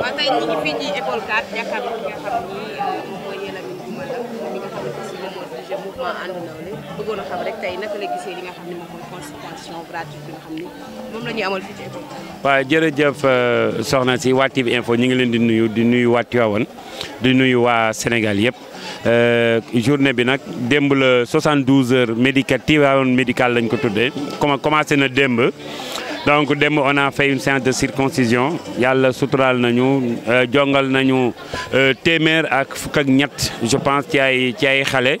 waaw tey ñu ngi euh, jërëjëf euh, soxna si waa TV info ñu ngi leen di nuyu di nuyu waa Tivaouane di nuyu waa Sénégal yëpp. Euh, journée bi nag démb la 72 heures médical Tivaouane médical lañ ko tuddee commencé na démb. donc on a fait une séance de circoncision Il y nañu euh, le nañu euh, témèr ak le ak je pense qu'il y a ay xalé.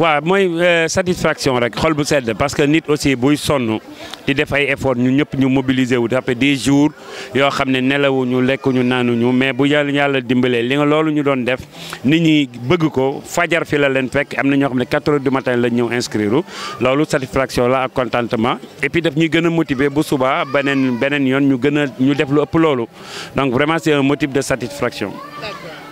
c'est euh, une satisfaction parce que nit aussi buy di effort ñu ñëpp ñu mobiliser des jours nelawuñu lekkuñu mais bu yalla yalla des li nga ñu def nit ñi bëgg fajar fi la leen fekk ñoo 4 du matin ñëw satisfaction la ak contentement et puis motiver bu yoon ñu ñu donc vraiment c'est un motif de satisfaction.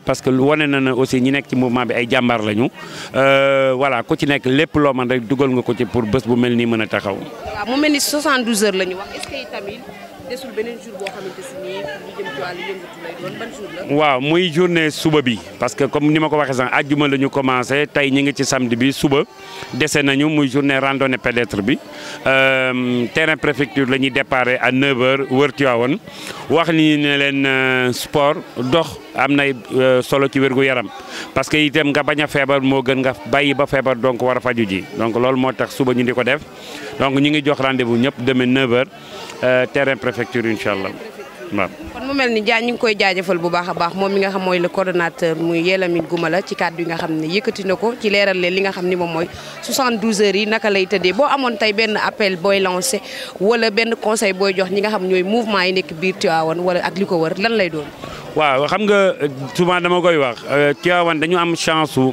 parce que wane na aussi ñi nek ci mouvement bi ay jambar lañu euh voilà ko ci nek lepp lo man rek duggal nga ko ci pour bëss bu melni mëna taxaw. waaw mu mel 72 heures lañu wax est-ce que tamit desul benen jour boo xamante ni lu jëm ci walu yëngatu lay doon ban jour la. waaw muy journée suba bi parce que comme nima ko waxe sax aljuma lañu commencer tay ñi ñu ngi ci samedi bi suba déssé nañu muy journée randonnée pédestre bi euh terrain préfecture la ñuy à 9h wër Tivaouane wax ni ne leen euh, sport dox. am na euh, solo ci wérgu yaram parce que itam nga bañ a feebar moo gën nga bàyyi ba feebar donc war a faju ji donc loolu moo tax suba ñu di ko def donc ñu ngi jox rendez-vous ñëpp demain 9h euh, terrain préfecture incha allah waaw. kon mu mel ni Dia ñu bu baax a baax moom mi nga xam mooy le coordonnateur muy Yellamine Gumala ci kàddu bi nga xam ne yëkkati na ko ci leeral leen li nga xam ni moom mooy 72 heures yi naka lay tëddee boo amoon tey benn appel booy lancé wala benn conseil booy jox ñi nga xam ñooy mouvement yi nekk biir Tivaouane wala ak li ko lan lay doon. waaw xam nga souvent dama koy wax euh, Tivaouane dañu am chance su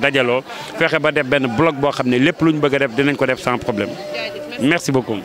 dajaloo faire ba def ben bloc bo xamné ne lépp de bëgg def dinañ ko def sans problème merci beaucoup